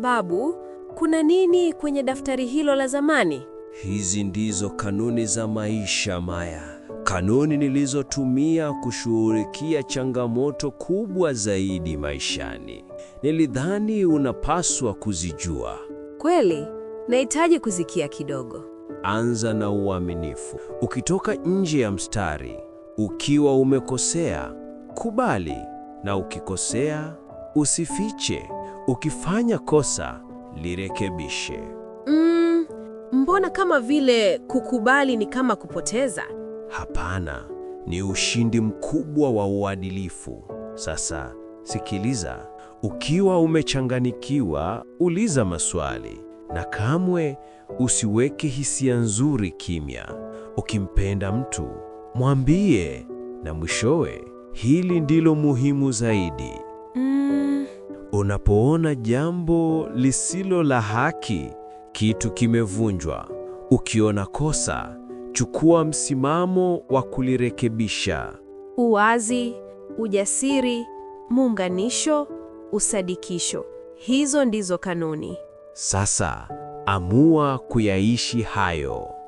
Babu, kuna nini kwenye daftari hilo la zamani? Hizi ndizo kanuni za maisha, Maya, kanuni nilizotumia kushughulikia changamoto kubwa zaidi maishani. Nilidhani unapaswa kuzijua. Kweli, nahitaji kuzikia kidogo. Anza na uaminifu. Ukitoka nje ya mstari, ukiwa umekosea, kubali, na ukikosea, usifiche. Ukifanya kosa lirekebishe. Mm, mbona kama vile kukubali ni kama kupoteza? Hapana, ni ushindi mkubwa wa uadilifu. Sasa sikiliza, ukiwa umechanganikiwa, uliza maswali na kamwe usiweke hisia nzuri kimya. Ukimpenda mtu mwambie, na mwishowe, hili ndilo muhimu zaidi. Unapoona jambo lisilo la haki, kitu kimevunjwa, ukiona kosa, chukua msimamo wa kulirekebisha. Uwazi, ujasiri, muunganisho, usadikisho. Hizo ndizo kanuni. Sasa amua kuyaishi hayo.